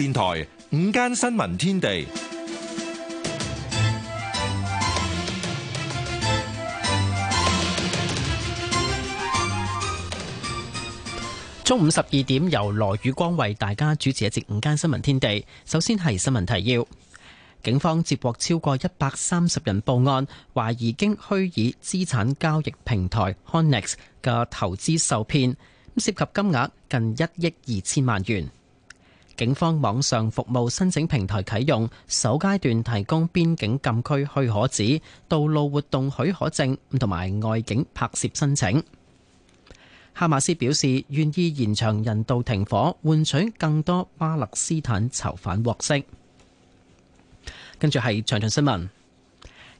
電台午間新聞天地，中午十二點由羅宇光為大家主持一節午間新聞天地。首先係新聞提要：警方接獲超過一百三十人報案，懷疑經虛擬資產交易平台 Hounax 嘅投資受騙，涉及金額近一億二千萬元。警方網上服務申請平台啟用，首階段提供邊境禁區許可紙、道路活動許可證，同埋外景拍攝申請。哈馬斯表示願意延長人道停火，換取更多巴勒斯坦囚犯獲釋。跟住係詳盡新聞。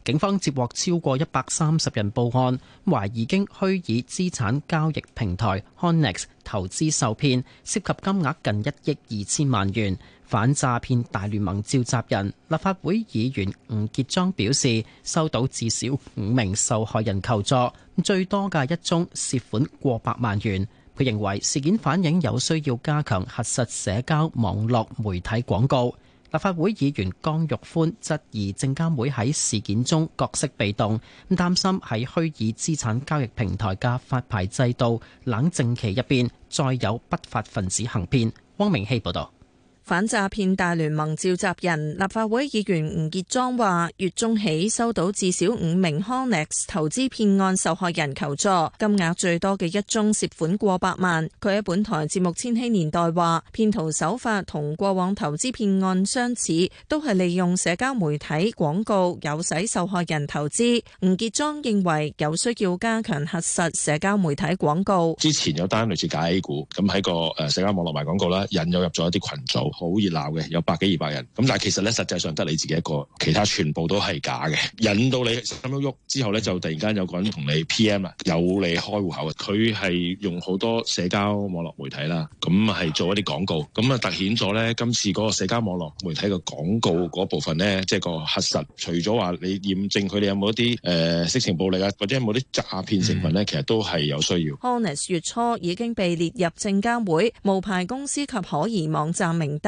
警方接獲超過一百三十人報案，懷疑經虛擬資產交易平台 Hounax 投資受騙，涉及金額近一億二千萬元。反詐騙大聯盟召集人立法會議員吳傑莊表示，收到至少五名受害人求助，最多嘅一宗涉款過百萬元。佢認為事件反映有需要加強核實社交網絡媒體廣告。立法會議員江玉歡質疑證監會喺事件中角色被動，咁擔心喺虛擬資產交易平台嘅發牌制度冷靜期入邊，再有不法分子行騙。汪明希報導。反詐騙大聯盟召集人立法會議員吳傑莊話，月中起收到至少五名 Hounax 投資騙案受害人求助，金額最多嘅一宗涉款過百萬。佢喺本台節目《千禧年代》話，騙徒手法同過往投資騙案相似，都係利用社交媒體廣告誘使受害人投資。吳傑莊認為有需要加強核實社交媒體廣告。之前有單類似假 A 股咁喺個社交網絡賣廣告啦，引誘入咗一啲群組。好熱鬧嘅，有百幾二百人。咁但係其實咧，實際上得你自己一個，其他全部都係假嘅，引到你心喐喐之後咧，就突然間有個人同你 PM 啊，有你開戶口啊。佢係用好多社交網絡媒體啦，咁係做一啲廣告，咁啊突顯咗咧今次嗰個社交網絡媒體嘅廣告嗰部分咧，即係個核實，除咗話你驗證佢哋有冇啲誒色情暴力啊，或者有冇啲詐騙成分咧，嗯、其實都係有需要。Honest 月初已經被列入證監會無牌公司及可疑網站名單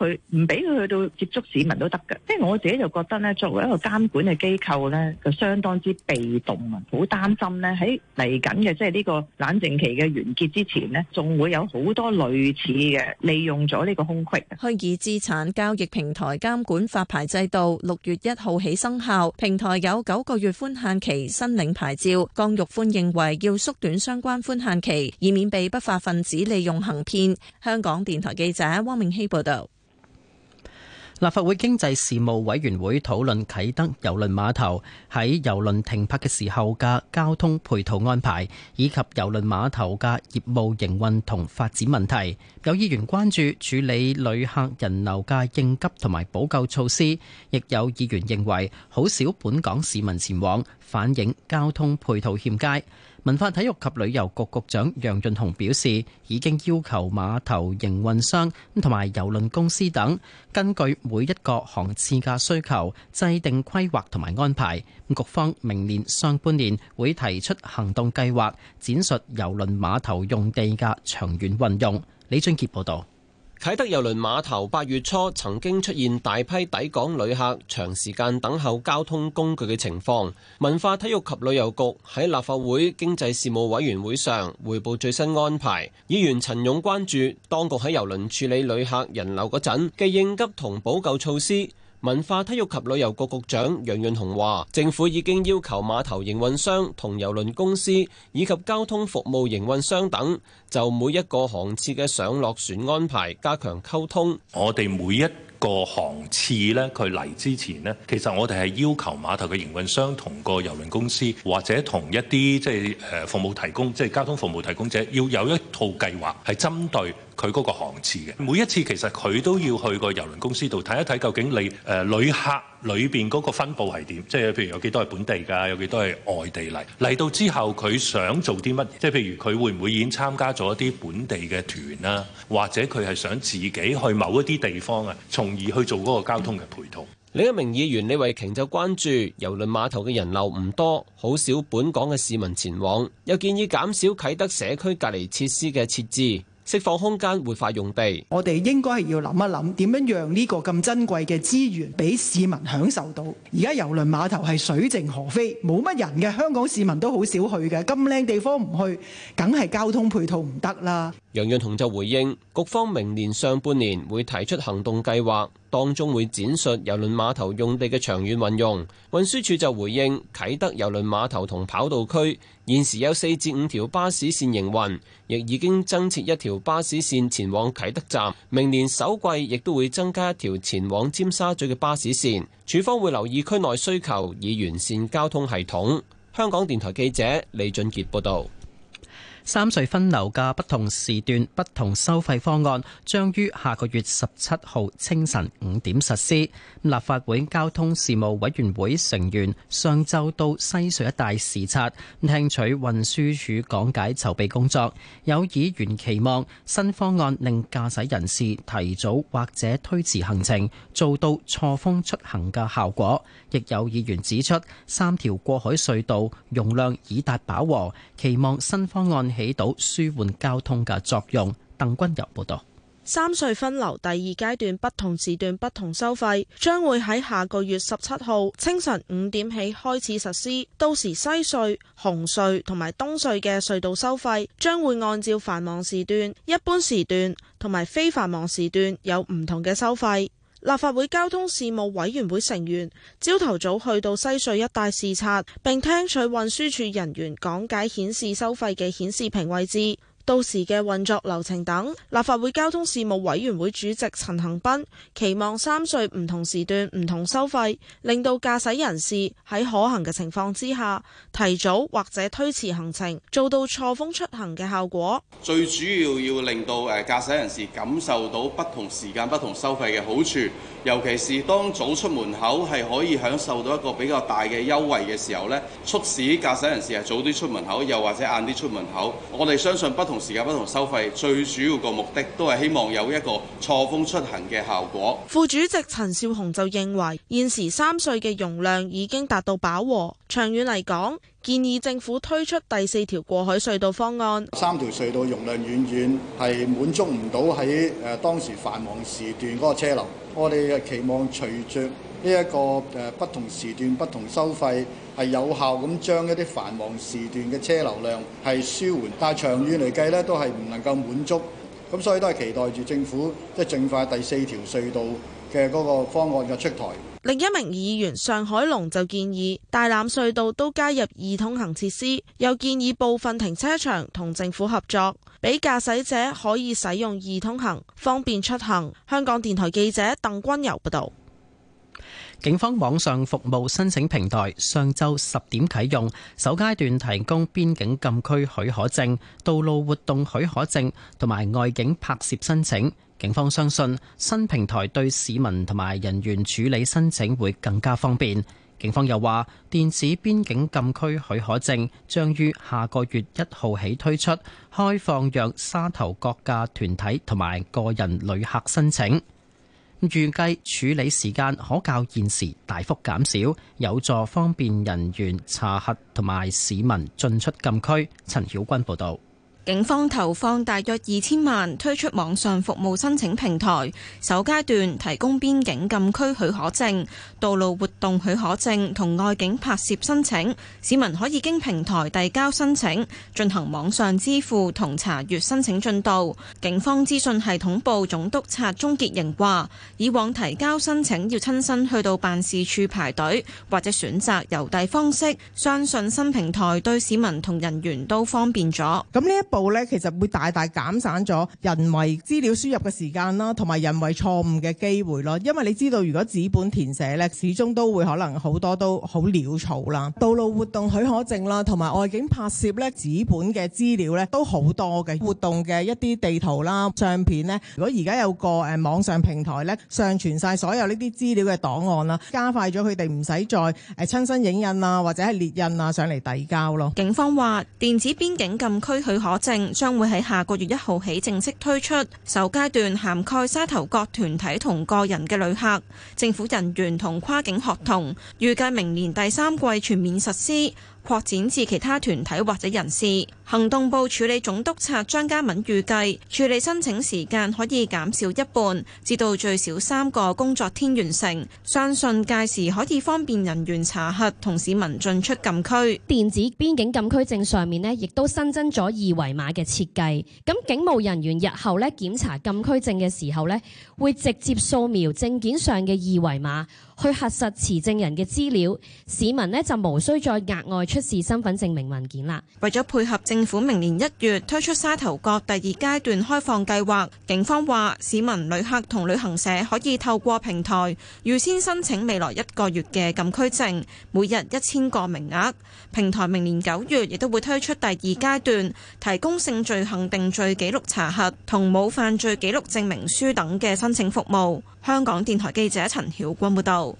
佢唔俾佢去到接觸市民都得嘅，即係我自己就覺得咧，作為一個監管嘅機構咧，就相當之被動啊，好擔心咧喺嚟緊嘅，即係呢個冷靜期嘅完結之前咧，仲會有好多類似嘅利用咗呢個空隙。虛擬資產交易平台監管發牌制度六月一號起生效，平台有九個月寬限期申領牌照。江玉歡認為要縮短相關寬限期，以免被不法分子利用行騙。香港電台記者汪明熙報道。立法會經濟事務委員會討論啟德郵輪碼頭喺郵輪停泊嘅時候嘅交通配套安排，以及郵輪碼頭嘅業務營運同發展問題。有議員關注處理旅客人流嘅應急同埋補救措施，亦有議員認為好少本港市民前往，反映交通配套欠佳。文化體育及旅遊局局長楊潤雄表示，已經要求碼頭營運商同埋郵輪公司等，根據每一個航次嘅需求，制定規劃同埋安排。局方明年上半年會提出行動計劃，展述郵輪碼頭用地嘅長遠運用。李俊傑報導。啟德郵輪碼頭八月初曾經出現大批抵港旅客長時間等候交通工具嘅情況，文化體育及旅遊局喺立法會經濟事務委員會上匯報最新安排。議員陳勇關注當局喺郵輪處理旅客人流嗰陣嘅應急同補救措施。文化體育及旅遊局局長楊潤雄話：政府已經要求碼頭營運商、同郵輪公司以及交通服務營運商等，就每一個航次嘅上落船安排加強溝通。我哋每一個航次咧，佢嚟之前呢其實我哋係要求碼頭嘅營運商同個郵輪公司或者同一啲即係誒服務提供，即係交通服務提供者，要有一套計劃係針對。佢嗰個航次嘅每一次，其實，佢都要去個郵輪公司度睇一睇，究竟你誒旅客裏邊嗰個分布係點，即係譬如有幾多係本地噶，有幾多係外地嚟，嚟到之後，佢想做啲乜嘢，即係譬如佢會唔會已經參加咗一啲本地嘅團啊，或者佢係想自己去某一啲地方啊，從而去做嗰個交通嘅陪同。另一名議員李慧瓊就關注郵輪碼頭嘅人流唔多，好少本港嘅市民前往，又建議減少啟德社區隔離設施嘅設置。釋放空間活化用地，我哋應該係要諗一諗點樣讓呢個咁珍貴嘅資源俾市民享受到。而家郵輪碼頭係水靜河飛，冇乜人嘅，香港市民都好少去嘅，咁靚地方唔去，梗係交通配套唔得啦。楊潤雄就回應，局方明年上半年會提出行動計劃。當中會展述郵輪碼頭用地嘅長遠運用，運輸署就回應：啟德郵輪碼頭同跑道區現時有四至五條巴士線營運，亦已經增設一條巴士線前往啟德站，明年首季亦都會增加一條前往尖沙咀嘅巴士線。署方會留意區內需求，以完善交通系統。香港電台記者李俊傑報道。三隧分流嘅不同時段、不同收費方案，將於下個月十七號清晨五點實施。立法會交通事務委員會成員上晝到西隧一帶視察，聽取運輸署講解籌備工作。有議員期望新方案令駕駛人士提早或者推遲行程，做到錯峰出行嘅效果。亦有議員指出，三條過海隧道容量已達飽和，期望新方案。起到舒緩交通嘅作用。鄧君游報道，三隧分流第二階段不同時段不同收費，將會喺下個月十七號清晨五點起開始實施。到時西隧、紅隧同埋東隧嘅隧道收費，將會按照繁忙時段、一般時段同埋非繁忙時段有唔同嘅收費。立法會交通事務委員會成員朝頭早去到西隧一帶視察，並聽取運輸署人員講解顯示收費嘅顯示屏位置。到時嘅運作流程等，立法會交通事務委員會主席陳恒鑌期望三隧唔同時段唔同收費，令到駕駛人士喺可行嘅情況之下提早或者推遲行程，做到錯峰出行嘅效果。最主要要令到誒駕駛人士感受到不同時間不同收費嘅好處，尤其是當早出門口係可以享受到一個比較大嘅優惠嘅時候呢，促使駕駛人士係早啲出門口，又或者晏啲出門口。我哋相信不。同時間不同收費，最主要個目的都係希望有一個錯峰出行嘅效果。副主席陳少雄就認為，現時三隧嘅容量已經達到飽和，長遠嚟講，建議政府推出第四條過海隧道方案。三條隧道容量遠遠係滿足唔到喺誒當時繁忙時段嗰個車流。我哋期望隨著呢一個誒不同時段不同收費，係有效咁，將一啲繁忙時段嘅車流量係舒緩，但係長遠嚟計咧都係唔能夠滿足咁，所以都係期待住政府即係盡快第四條隧道嘅嗰個方案嘅出台。另一名議員上海龍就建議大欖隧道都加入二通行設施，又建議部分停車場同政府合作，俾駕駛者可以使用二通行，方便出行。香港電台記者鄧君柔報道。警方網上服務申請平台上周十點啟用，首階段提供邊境禁區許可證、道路活動許可證同埋外景拍攝申請。警方相信新平台對市民同埋人員處理申請會更加方便。警方又話，電子邊境禁區許可證將於下個月一號起推出，開放讓沙頭角嘅團體同埋個人旅客申請。預計處理時間可較現時大幅減少，有助方便人員查核同埋市民進出禁區。陳曉君報導。警方投放大約二千萬，推出網上服務申請平台。首階段提供邊境禁區許可證、道路活動許可證同外景拍攝申請，市民可以經平台遞交申請、進行網上支付同查閱申請進度。警方資訊系統部總督察鍾潔瑩話，以往提交申請要親身去到辦事處排隊或者選擇郵遞方式。相信新平台對市民同人員都方便咗。咁呢一咧，其實會大大減省咗人為資料輸入嘅時間啦，同埋人為錯誤嘅機會咯。因為你知道，如果紙本填寫咧，始終都會可能好多都好潦草啦。道路活動許可證啦，同埋外景拍攝咧，紙本嘅資料咧，都好多嘅活動嘅一啲地圖啦、相片呢。如果而家有個誒網上平台咧，上傳晒所有呢啲資料嘅檔案啦，加快咗佢哋唔使再誒親身影印啊，或者係列印啊上嚟遞交咯。警方話，電子邊境禁區許可證將會喺下個月一號起正式推出，首階段涵蓋沙頭角團體同個人嘅旅客、政府人員同跨境學童，預計明年第三季全面實施。擴展至其他團體或者人士。行動部處理總督察張家敏預計處理申請時間可以減少一半，至到最少三個工作天完成。相信屆時可以方便人員查核同市民進出禁區。電子邊境禁區證上面呢，亦都新增咗二維碼嘅設計。咁警務人員日後咧檢查禁區證嘅時候呢，會直接掃描證件上嘅二維碼。去核實持證人嘅資料，市民呢就無需再額外出示身份證明文件啦。為咗配合政府明年一月推出沙頭角第二階段開放計劃，警方話市民、旅客同旅行社可以透過平台預先申請未來一個月嘅禁區證，每日一千個名額。平台明年九月亦都會推出第二階段，提供性罪行定罪記錄查核同冇犯罪記錄證明書等嘅申請服務。香港電台記者陳曉君報道。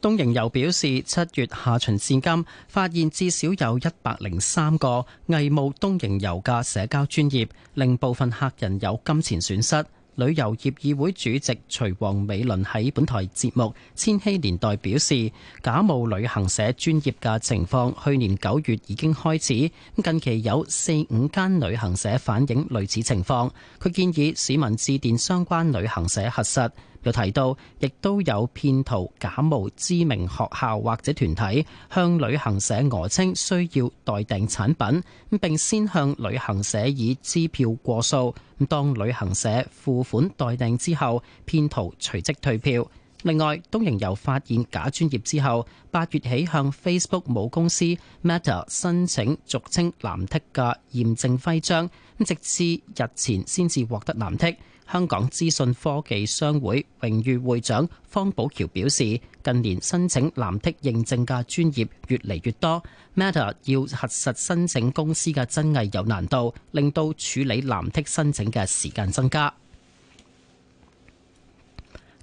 東瀛遊表示，七月下旬至今，發現至少有一百零三個偽冒東瀛遊嘅社交專業，令部分客人有金錢損失。旅遊業議會主席徐王美倫喺本台節目千禧年代表示，假冒旅行社專業嘅情況去年九月已經開始，近期有四五間旅行社反映類似情況。佢建議市民致電相關旅行社核實。又提到，亦都有騙徒假冒知名學校或者團體向旅行社訛稱需要代訂產品，並先向旅行社以支票過數。當旅行社付款代訂之後，騙徒隨即退票。另外，東瀛遊發現假專業之後，八月起向 Facebook 母公司 Meta 申請俗稱藍剔嘅驗證徽章，直至日前先至獲得藍剔。香港資訊科技商會榮譽會長方保僑表示，近年申請藍剔認證嘅專業越嚟越多，Meta 要核實申請公司嘅真偽有難度，令到處理藍剔申請嘅時間增加。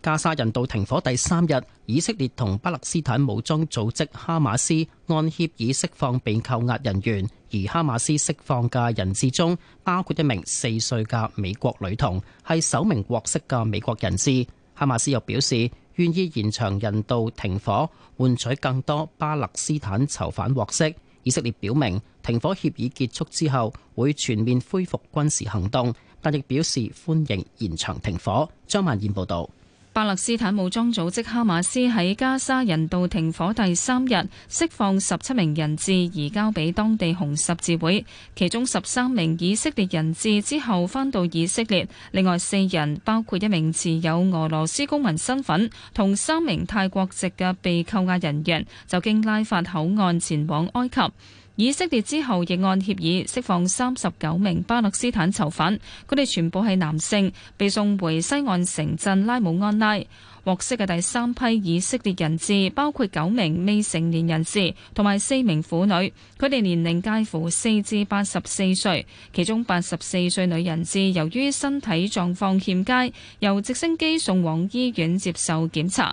加沙人道停火第三日，以色列同巴勒斯坦武裝組織哈馬斯按協議釋放被扣押人員，而哈馬斯釋放嘅人質中包括一名四歲嘅美國女童，係首名獲釋嘅美國人士。哈馬斯又表示願意延長人道停火，換取更多巴勒斯坦囚犯獲釋。以色列表明停火協議結束之後會全面恢復軍事行動，但亦表示歡迎延長停火。張曼燕報道。巴勒斯坦武裝組織哈馬斯喺加沙人道停火第三日釋放十七名人質，移交畀當地紅十字會。其中十三名以色列人質之後返到以色列，另外四人包括一名持有俄羅斯公民身份同三名泰國籍嘅被扣押人員，就經拉法口岸前往埃及。以色列之後亦按協議釋放三十九名巴勒斯坦囚犯，佢哋全部係男性，被送回西岸城鎮拉姆安拉。獲釋嘅第三批以色列人質包括九名未成年人士同埋四名婦女，佢哋年齡介乎四至八十四歲，其中八十四歲女人質由於身體狀況欠佳，由直升機送往醫院接受檢查，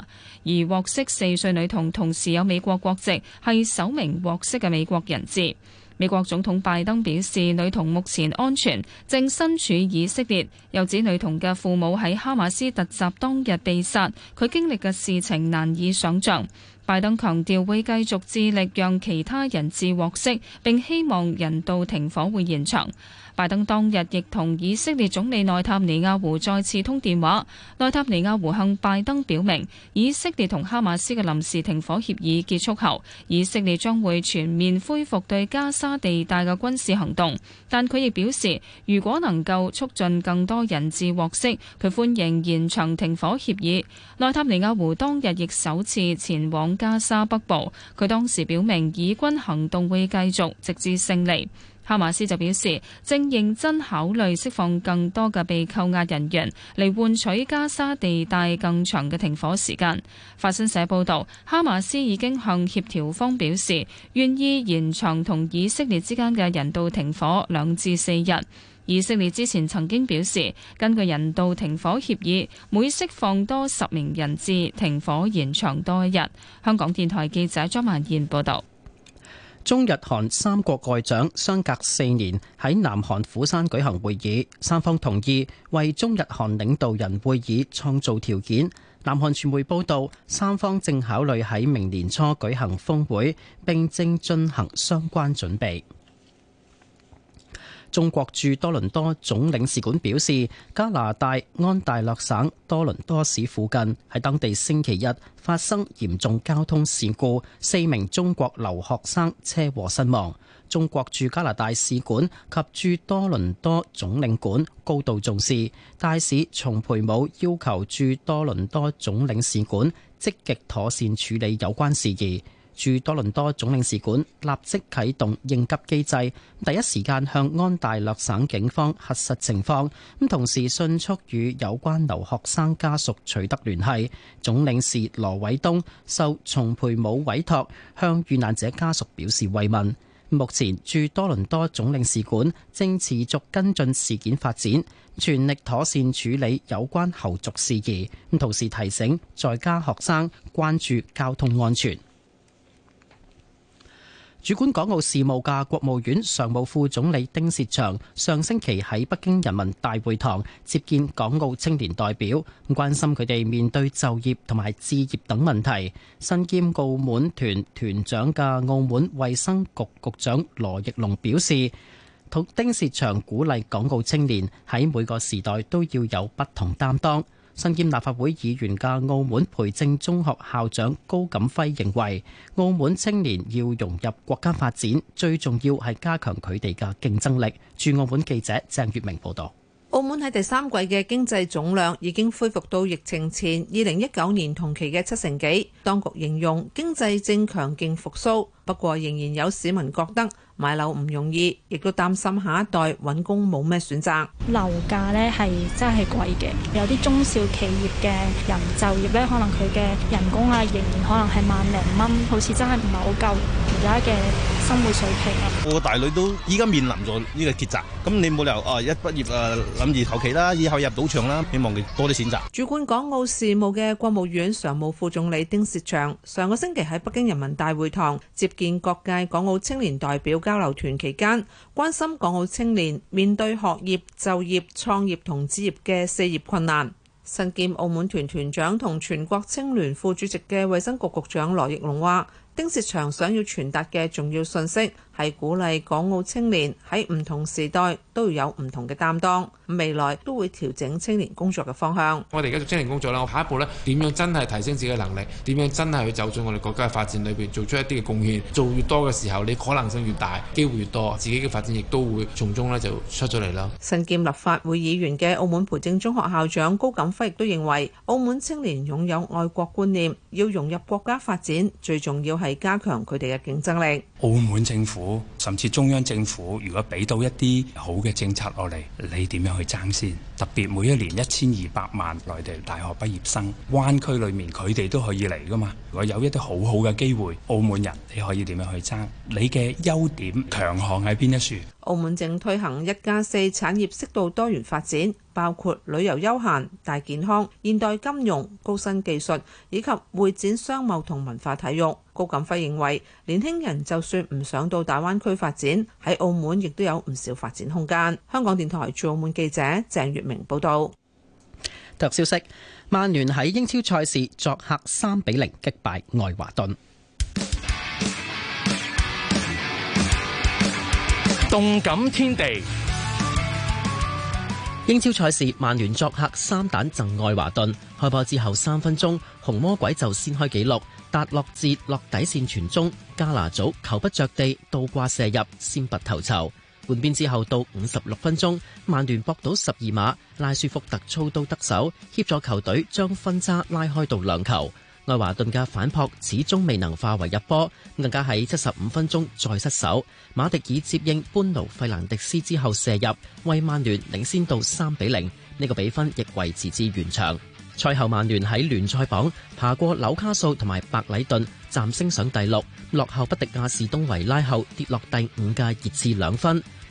而獲釋四歲女童同，同時有美國國籍，係首名獲釋嘅美國人質。美國總統拜登表示，女童目前安全，正身處以色列。又指女童嘅父母喺哈馬斯突襲當日被殺，佢經歷嘅事情難以想象。拜登強調會繼續致力讓其他人質獲釋，並希望人道停火會延長。拜登當日亦同以色列總理內塔尼亞胡再次通電話，內塔尼亞胡向拜登表明，以色列同哈馬斯嘅臨時停火協議結束後，以色列將會全面恢復對加沙地帶嘅軍事行動。但佢亦表示，如果能夠促進更多人質獲釋，佢歡迎延長停火協議。內塔尼亞胡當日亦首次前往加沙北部，佢當時表明以軍行動會繼續，直至勝利。哈馬斯就表示正認真考慮釋放更多嘅被扣押人員嚟換取加沙地帶更長嘅停火時間，法新社報道哈馬斯已經向協調方表示願意延長同以色列之間嘅人道停火兩至四日。以色列之前曾經表示，根據人道停火協議，每釋放多十名人質，停火延長多一日。香港電台記者張萬燕報道。中日韓三國外長相隔四年喺南韓釜山舉行會議，三方同意為中日韓領導人會議創造條件。南韓傳媒報道，三方正考慮喺明年初舉行峰會，並正進行相關準備。中國駐多倫多總領事館表示，加拿大安大略省多倫多市附近喺當地星期日發生嚴重交通事故，四名中國留學生車禍身亡。中國駐加拿大使館及駐多倫多總領館高度重視，大使叢培武要求駐多倫多總領事館積極妥善處理有關事宜。駐多倫多總領事館立即啟動應急機制，第一時間向安大略省警方核實情況，咁同時迅速與有關留學生家屬取得聯繫。總領事羅偉東受重培武委託，向遇難者家屬表示慰問。目前駐多倫多總領事館正持續跟進事件發展，全力妥善處理有關後續事宜，同時提醒在家學生關注交通安全。主管港澳事務嘅國務院常務副總理丁薛祥上星期喺北京人民大會堂接見港澳青年代表，關心佢哋面對就業同埋置業等問題。身兼澳門團團長嘅澳門衛生局局長羅奕龍表示，同丁薛祥鼓勵港澳青年喺每個時代都要有不同擔當。身兼立法會議員嘅澳門培正中學校長高錦輝認為，澳門青年要融入國家發展，最重要係加強佢哋嘅競爭力。駐澳門記者鄭月明報導，澳門喺第三季嘅經濟總量已經恢復到疫情前二零一九年同期嘅七成幾，當局形容經濟正強勁復甦，不過仍然有市民覺得買樓唔容易，亦都擔心下一代搵工冇咩選擇。樓價呢係真係貴嘅，有啲中小企業嘅人就業呢，可能佢嘅人工啊，仍然可能係萬零蚊，好似真係唔係好夠而家嘅生活水平啊。我個大女都依家面臨咗呢個抉擇，咁你冇理由啊一畢業啊諗住求其啦，以後入賭場啦，希望佢多啲選擇。主管港澳事務嘅國務院常務副總理丁薛祥，上個星期喺北京人民大會堂接見各界港澳青年代表。交流團期間，關心港澳青年面對學業、就業、創業同置業嘅四業困難。身兼澳門團團長同全國青聯副主席嘅衛生局局長羅奕龍話，丁薛祥想要傳達嘅重要信息，係鼓勵港澳青年喺唔同時代都要有唔同嘅擔當，未來都會調整青年工作嘅方向。我哋而家做青年工作啦，我下一步咧點樣真係提升自己嘅能力？點樣真係去走進我哋國家嘅發展裏邊，做出一啲嘅貢獻？做越多嘅時候，你可能性越大，機會越多，自己嘅發展亦都會從中咧就出咗嚟啦。身兼立法會議員嘅澳門培正中學校長高錦輝亦都認為，澳門青年擁有愛國觀念，要融入國家發展，最重要係加強佢哋嘅競爭力。澳門政府甚至中央政府，如果俾到一啲好嘅政策落嚟，你點樣去爭先？特別每一年一千二百萬內地大學畢業生，灣區裏面佢哋都可以嚟㗎嘛？如果有一啲好好嘅機會，澳門人你可以點樣去爭？你嘅優點強項喺邊一處？澳門正推行一加四產業適度多元發展。包括旅遊休閒、大健康、現代金融、高新技術以及會展商貿同文化體育。高錦輝認為年輕人就算唔上到大灣區發展，喺澳門亦都有唔少發展空間。香港電台駐澳門記者鄭月明報導。特消息：曼聯喺英超賽事作客三比零擊敗愛華頓。動感天地。英超賽事，曼聯作客三蛋贈愛華頓。開波之後三分鐘，紅魔鬼就先開紀錄，達洛節落底線傳中，加拿組球不着地倒掛射入，先拔頭籌。換邊之後到五十六分鐘，曼聯搏到十二碼，拉舒福特操刀得手，協助球隊將分差拉開到兩球。愛華頓嘅反撲始終未能化為入波，更加喺七十五分鐘再失守。馬迪爾接應班奴費蘭迪斯之後射入，為曼聯領先到三比零。呢個比分亦維持至完場。賽後曼聯喺聯賽榜爬過紐卡素同埋白禮頓，暫升上第六，落後不敵亞士東維拉後跌落第五嘅熱刺兩分。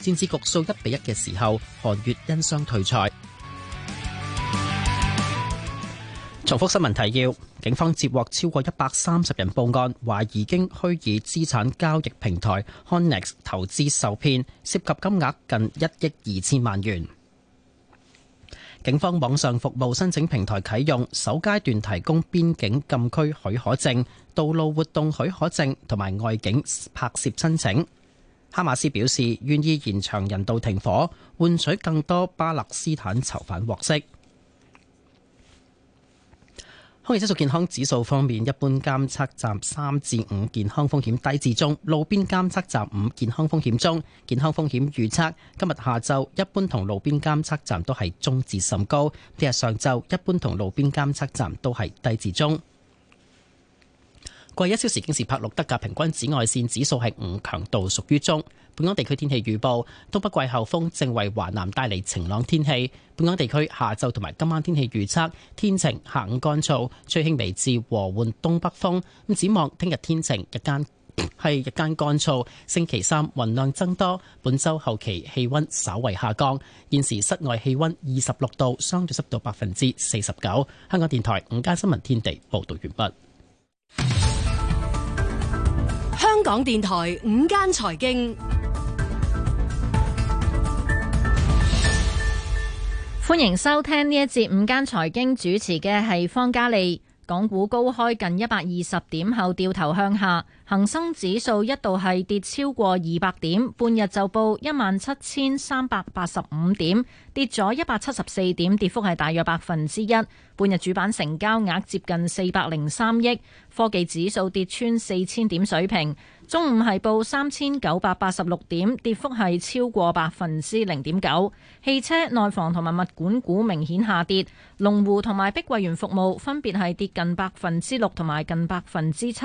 戰至局數一比一嘅時候，韓越因傷退賽。重複新聞提要：警方接獲超過一百三十人報案，懷疑經虛擬資產交易平台 HOUNAX 投資受騙，涉及金額近一億二千萬元。警方網上服務申請平台啟用，首階段提供邊境禁區許可證、道路活動許可證同埋外景拍攝申請。哈馬斯表示願意延長人道停火，換取更多巴勒斯坦囚犯獲釋。空氣質素健康指數方面，一般監測站三至五，健康風險低至中，路邊監測站五，健康風險中。健康風險預測今日下晝一般同路邊監測站都係中至甚高，聽日上晝一般同路邊監測站都係低至中。過去一小時，經時拍錄得嘅平均紫外線指數係五強度，屬於中。本港地區天氣預報：東北季候風正為華南帶嚟晴朗天氣。本港地區下晝同埋今晚天氣預測：天晴，下午乾燥，吹輕微至和緩東北風。咁展望聽日天，天晴，日間係日間乾燥。星期三雲量增多，本周後期氣溫稍為下降。現時室外氣溫二十六度，相對濕度百分之四十九。香港電台午間新聞天地報道完畢。港電台午間財經，歡迎收聽呢一節午間財經主持嘅係方嘉利。港股高開近一百二十點後掉頭向下，恒生指數一度係跌超過二百點，半日就報一萬七千三百八十五點，跌咗一百七十四點，跌幅係大約百分之一。半日主板成交額接近四百零三億，科技指數跌穿四千點水平。中午係報三千九百八十六點，跌幅係超過百分之零點九。汽車、內房同埋物管股明顯下跌，龍湖同埋碧桂園服務分別係跌近百分之六同埋近百分之七。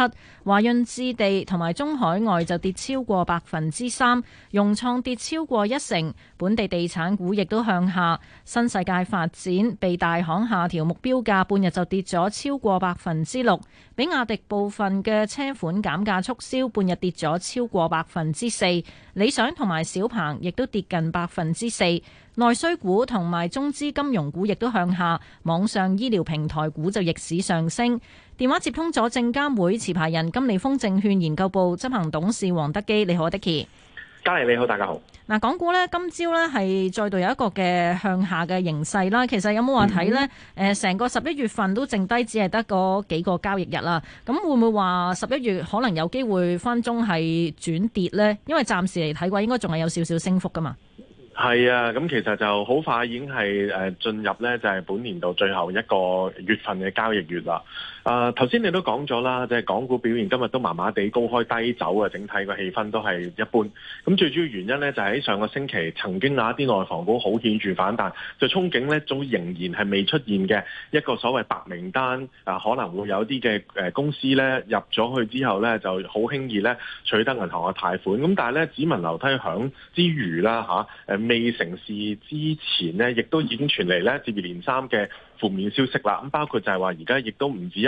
華潤置地同埋中海外就跌超過百分之三，融創跌超過一成。本地地產股亦都向下，新世界發展被大行下調目標價，半日就跌咗超過百分之六。比亞迪部分嘅車款減價促銷，半日。跌咗超過百分之四，理想同埋小鵬亦都跌近百分之四，內需股同埋中資金融股亦都向下，網上醫療平台股就逆市上升。電話接通咗證監會持牌人金利豐證券研究部執行董事黃德基，你好，德基。嘉麗你好，大家好。嗱，港股咧今朝咧係再度有一個嘅向下嘅形勢啦。其實有冇話睇咧？誒、嗯，成個十一月份都剩低，只係得嗰幾個交易日啦。咁會唔會話十一月可能有機會分鐘係轉跌咧？因為暫時嚟睇嘅話，應該仲係有少少升幅噶嘛。係啊，咁其實就好快已經係誒進入咧，就係本年度最後一個月份嘅交易月啦。誒頭先你都講咗啦，即係港股表現今日都麻麻地高開低走嘅，整體個氣氛都係一般。咁最主要原因咧，就喺上個星期曾經有一啲內房股好顯著反彈，就憧憬咧，仲仍然係未出現嘅一個所謂白名單啊，可能會有啲嘅誒公司咧入咗去之後咧，就好輕易咧取得銀行嘅貸款。咁但係咧，只聞樓梯響之餘啦，嚇、啊、誒未成事之前咧，亦都已經傳嚟咧接二連三嘅負面消息啦。咁包括就係話，而家亦都唔止一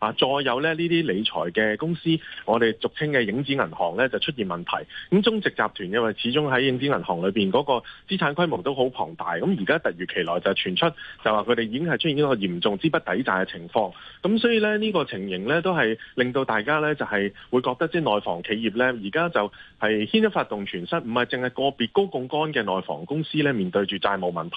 啊！再有咧，呢啲理財嘅公司，我哋俗稱嘅影子銀行咧，就出現問題。咁中植集團因為始終喺影子銀行裏面嗰個資產規模都好龐大，咁而家突如其來就傳出，就話佢哋已經係出現呢個嚴重資不抵債嘅情況。咁所以咧，呢個情形咧都係令到大家咧就係會覺得，即係內房企業咧而家就係牽一發動全身，唔係淨係個別高槓桿嘅內房公司咧面對住債務問題，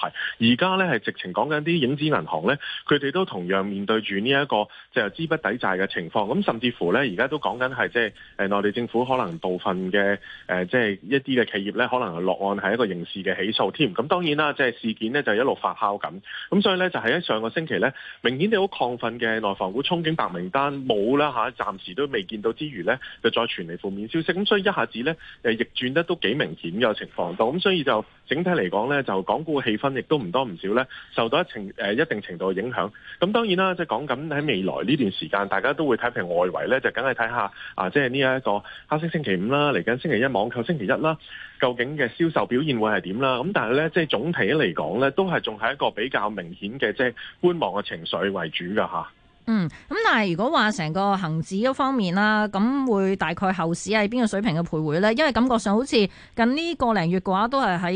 而家咧係直情講緊啲影子銀行咧，佢哋都同樣面對住呢一個就係資抵債嘅情況，咁甚至乎咧，而家都講緊係即係內地政府可能部分嘅誒，即、呃、係一啲嘅企業咧，可能落案係一個刑事嘅起訴添。咁當然啦，即係事件咧就一路發酵緊，咁所以咧就喺、係、上個星期咧，明顯你好亢奮嘅內房股憧憬白名單冇啦嚇，暫時都未見到之餘咧，就再傳嚟負面消息，咁所以一下子咧誒逆轉得都幾明顯嘅情況度，咁所以就整體嚟講咧，就港股嘅氣氛亦都唔多唔少咧，受到一程誒一定程度嘅影響。咁當然啦，即係講緊喺未來呢段時。時間，大家都會睇平外圍咧，就梗係睇下啊，即係呢一個黑色星期五啦，嚟緊星期一網購星期一啦，究竟嘅銷售表現會係點啦？咁但係咧，即係總體嚟講咧，都係仲係一個比較明顯嘅即係觀望嘅情緒為主噶吓。嗯，咁但係如果話成個恒指嗰方面啦，咁會大概後市喺邊個水平嘅徘徊咧？因為感覺上好似近呢個零月嘅話，都係喺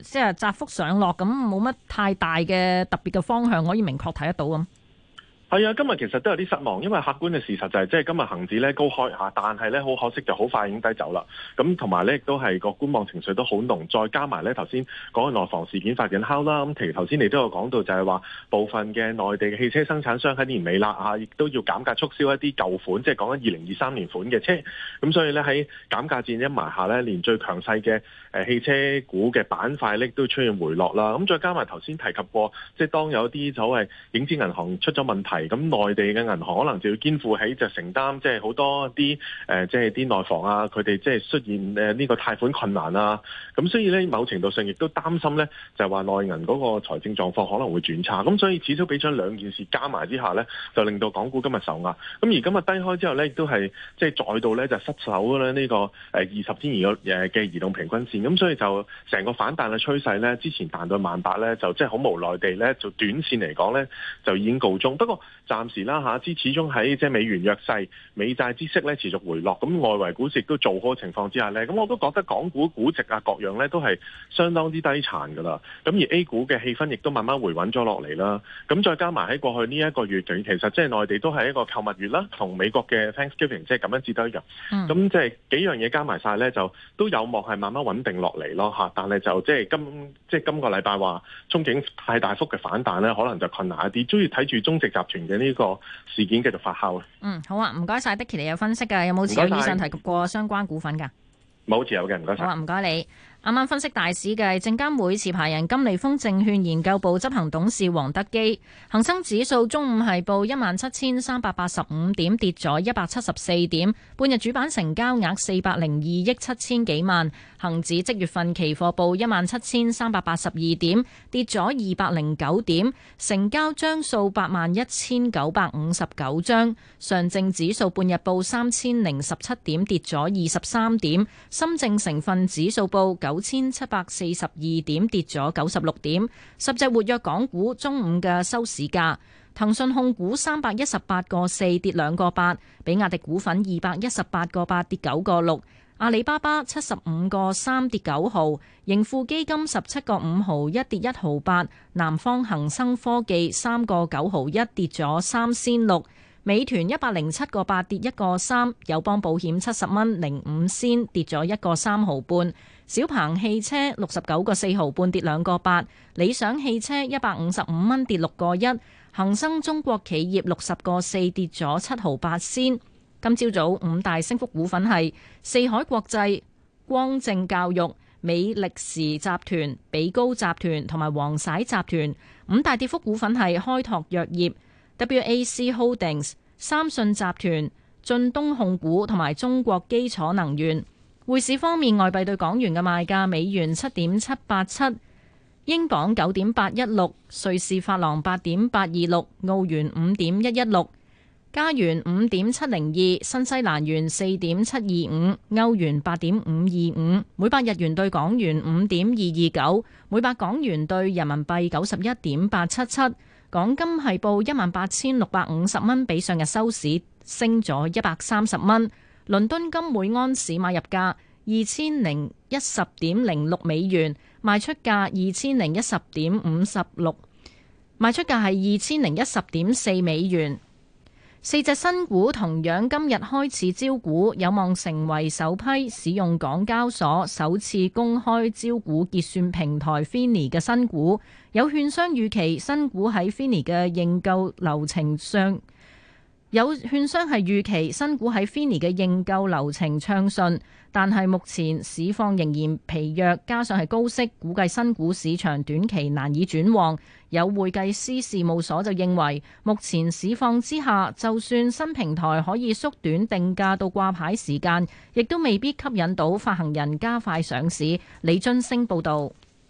即係窄幅上落，咁冇乜太大嘅特別嘅方向可以明確睇得到咁。係啊、哎，今日其實都有啲失望，因為客觀嘅事實就係、是，即係今日恒指咧高開吓，但係咧好可惜就好快已經低走啦。咁同埋咧亦都係個觀望情緒都好濃，再加埋咧頭先講緊內房事件發緊酵啦。咁其實頭先你都有講到就，就係話部分嘅內地嘅汽車生產商喺年尾啦吓，亦都要減價促銷一啲舊款，即係講緊二零二三年款嘅車。咁所以咧喺減價戰一埋下咧，連最強勢嘅誒汽車股嘅板塊咧都出現回落啦。咁再加埋頭先提及過，即係當有啲所謂影子銀行出咗問題。咁內地嘅銀行可能就要肩負起就承擔就，即係好多啲誒，即係啲內房啊，佢哋即係出現呢個貸款困難啊。咁所以咧，某程度上亦都擔心咧，就係話內銀嗰個財政狀況可能會轉差。咁所以，始終俾咗兩件事加埋之下咧，就令到港股今日受壓。咁而今日低開之後咧，亦都係即係再度咧就失守咧呢個誒二十天期嘅誒嘅移動平均線。咁所以就成個反彈嘅趨勢咧，之前彈到萬八咧，就即係好無奈地咧，就短線嚟講咧就已經告終。不過，暫時啦嚇，之始終喺即係美元弱勢、美債孳息咧持續回落，咁外圍股市亦都做好情況之下咧，咁我都覺得港股估值啊各樣咧都係相當之低殘㗎啦。咁而 A 股嘅氣氛亦都慢慢回穩咗落嚟啦。咁再加埋喺過去呢一個月，其實即係內地都係一個購物月啦，同美國嘅 Thanksgiving 即係咁樣至得入。咁即係幾樣嘢加埋晒咧，就都有望係慢慢穩定落嚟咯嚇。但係就即係今即係今個禮拜話，憧憬太大幅嘅反彈咧，可能就困難一啲。主要睇住中植集團嘅呢個事件繼續發酵咧。嗯，好啊，唔該曬，Dicky，你有分析嘅，有冇持有以上提及過相關股份噶？冇持有嘅，唔該曬。好啊，唔該你。啱啱分析大市嘅證監會持牌人金利豐證券研究部執行董事王德基。恒生指數中午係報一萬七千三百八十五點，跌咗一百七十四點，半日主板成交額四百零二億七千幾萬，恒指即月份期貨報一萬七千三百八十二點，跌咗二百零九點，成交張數八萬一千九百五十九張，上證指數半日報三千零十七點，跌咗二十三點，深證成分指數報九。九千七百四十二點跌咗九十六點，十隻活躍港股中午嘅收市價，騰訊控股三百一十八個四跌兩個八，比亞迪股份二百一十八個八跌九個六，阿里巴巴七十五個三跌九毫，盈富基金十七個五毫一跌一毫八，南方恒生科技三個九毫一跌咗三仙六，美團一百零七個八跌一個三，友邦保險七十蚊零五仙跌咗一個三毫半。小鵬汽車六十九個四毫半跌兩個八，理想汽車一百五十五蚊跌六個一，恒生中國企業六十個四跌咗七毫八仙。今朝早五大升幅股份係四海國際、光正教育、美力時集團、比高集團同埋皇璽集團。五大跌幅股份係開拓藥業、WAC Holdings、三信集團、晉東控股同埋中國基礎能源。匯市方面，外幣對港元嘅賣價：美元七點七八七，英鎊九點八一六，瑞士法郎八點八二六，澳元五點一一六，加元五點七零二，新西蘭元四點七二五，歐元八點五二五，每百日元對港元五點二二九，每百港元對人民幣九十一點八七七。港金係報一萬八千六百五十蚊，比上日收市升咗一百三十蚊。倫敦金每安士買入價二千零一十點零六美元，賣出價二千零一十點五十六，賣出價係二千零一十點四美元。四隻新股同樣今日開始招股，有望成為首批使用港交所首次公開招股結算平台 FINI 嘅新股。有券商預期新股喺 FINI 嘅認購流程上。有券商係預期新股喺 FINI 嘅認購流程暢順，但係目前市況仍然疲弱，加上係高息，估計新股市場短期難以轉旺。有會計師事務所就認為，目前市況之下，就算新平台可以縮短定價到掛牌時間，亦都未必吸引到發行人加快上市。李津星報導。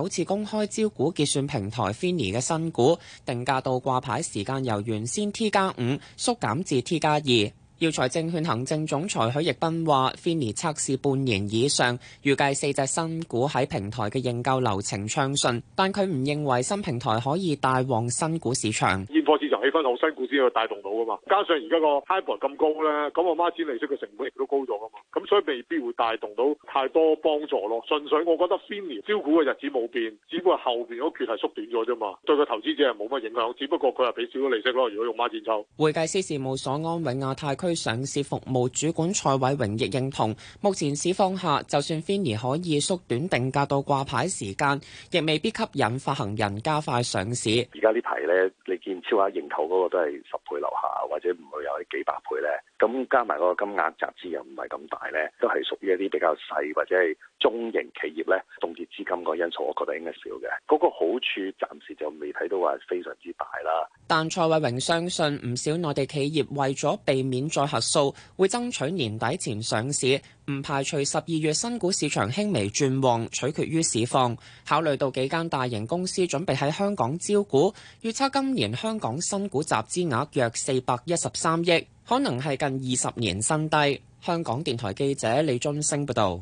首次公開招股結算平台 FINI 嘅新股定價到掛牌時間由原先 T 加五縮減至 T 加二。耀才證券行政總裁許奕斌話，FINI 測試半年以上，預計四隻新股喺平台嘅認購流程暢順，但佢唔認為新平台可以帶旺新股市場。現貨市場氣氛好，新股先會帶動到噶嘛。加上而家個 HIBOR 咁高咧，咁孖展利息嘅成本亦都高咗噶嘛。咁所以未必會帶動到太多幫助咯。純粹我覺得 FINI 招股嘅日子冇變，只不過後邊嗰缺係縮短咗啫嘛。對個投資者係冇乜影響，只不過佢係俾少咗利息咯。如果用孖展抽，會計師事務所安永亞太區。上市服務主管蔡偉榮亦認同，目前市況下，就算 FINI 可以縮短定價到掛牌時間，亦未必吸引發行人加快上市。而家呢排咧，你見超額認購嗰個都係十倍樓下，或者唔會有啲幾百倍咧。咁加埋嗰個金額集資，又唔係咁大咧，都係屬於一啲比較細或者係中型企業咧，凍結資金嗰個因素，我覺得應該少嘅。嗰個好處暫時就未睇到話非常之大啦。但蔡偉榮相信唔少內地企業為咗避免再核數，會爭取年底前上市。唔排除十二月新股市場輕微轉旺，取決於市況。考慮到幾間大型公司準備喺香港招股，預測今年香港新股集資額約四百一十三億，可能係近二十年新低。香港電台記者李俊升報道。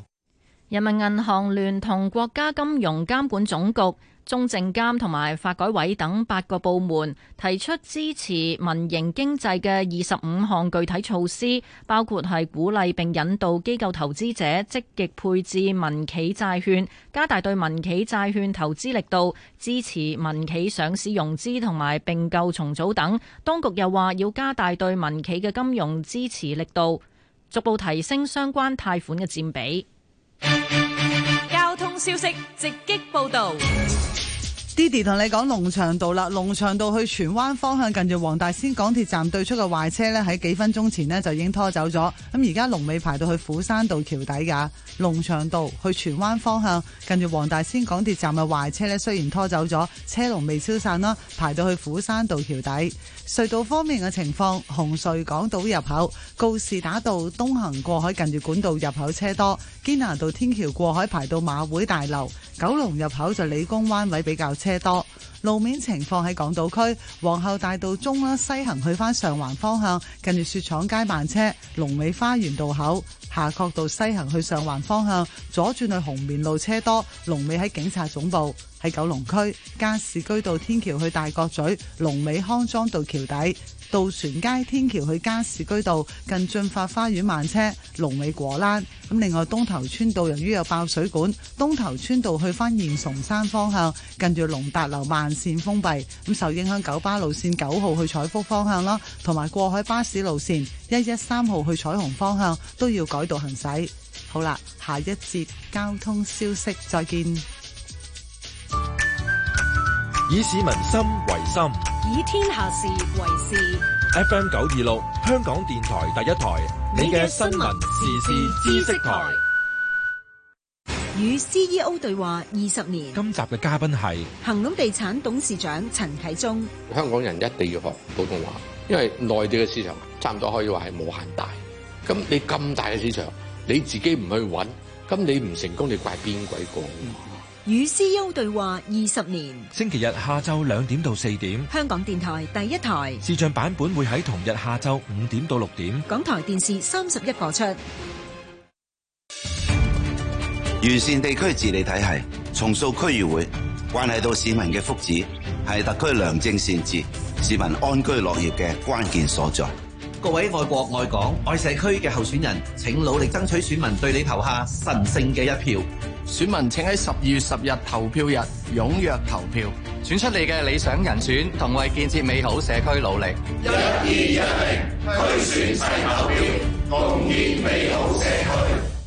人民銀行聯同國家金融監管總局。中證監同埋發改委等八個部門提出支持民營經濟嘅二十五項具體措施，包括係鼓勵並引導機構投資者積極配置民企債券，加大對民企債券投資力度，支持民企上市融資同埋並購重組等。當局又話要加大對民企嘅金融支持力度，逐步提升相關貸款嘅佔比。交通消息直擊報道。Didi 同你講龍翔道啦，龍翔道去荃灣方向，近住黃大仙港鐵站對出嘅壞車呢，喺幾分鐘前呢就已經拖走咗。咁而家龍尾排到去斧山道橋底噶，龍翔道去荃灣方向，近住黃大仙港鐵站嘅壞車呢，雖然拖走咗，車龍未消散啦，排到去斧山道橋底。隧道方面嘅情況，紅隧港島入口、告士打道東行過海，近住管道入口車多；堅拿道天橋過海排到馬會大樓、九龍入口，就理工灣位比較車車多，路面情況喺港島區皇后大道中啦，西行去翻上環方向，近住雪廠街慢車，龍尾花園道口，夏慤道西行去上環方向，左轉去紅棉路車多，龍尾喺警察總部。喺九龍區加士居道天橋去大角咀，龍尾康莊道橋底。渡船街天橋去加士居道近駿發花園慢車龍尾果欄，咁另外東頭村道由於有爆水管，東頭村道去翻現松山方向近住龍達樓慢綫封閉，咁受影響九巴路綫九號去彩福方向啦，同埋過海巴士路綫一一三號去彩虹方向都要改道行駛。好啦，下一節交通消息，再見。以市民心為心，以天下事為事。F M 九二六，26，香港電台第一台，你嘅新聞時事知識台。與 C E O 對話二十年。今集嘅嘉賓係恒隆地產董事長陳啟宗。香港人一定要學普通話，因為內地嘅市場差唔多可以話係無限大。咁你咁大嘅市場，你自己唔去揾，咁你唔成功，你怪邊鬼個？嗯與 C U 對話二十年。星期日下晝兩點到四點，香港電台第一台視像版本會喺同日下晝五點到六點，港台電視三十一播出。完善地區治理體系，重塑區議會，關係到市民嘅福祉，係特區良政善治、市民安居樂業嘅關鍵所在。各位愛國愛港愛社區嘅候選人，請努力爭取選民對你投下神聖嘅一票。選民請喺十二月十日投票日踴躍投票，選出你嘅理想人選，同為建設美好社區努力。一的、二、一零，推選世投票，共建美好社區。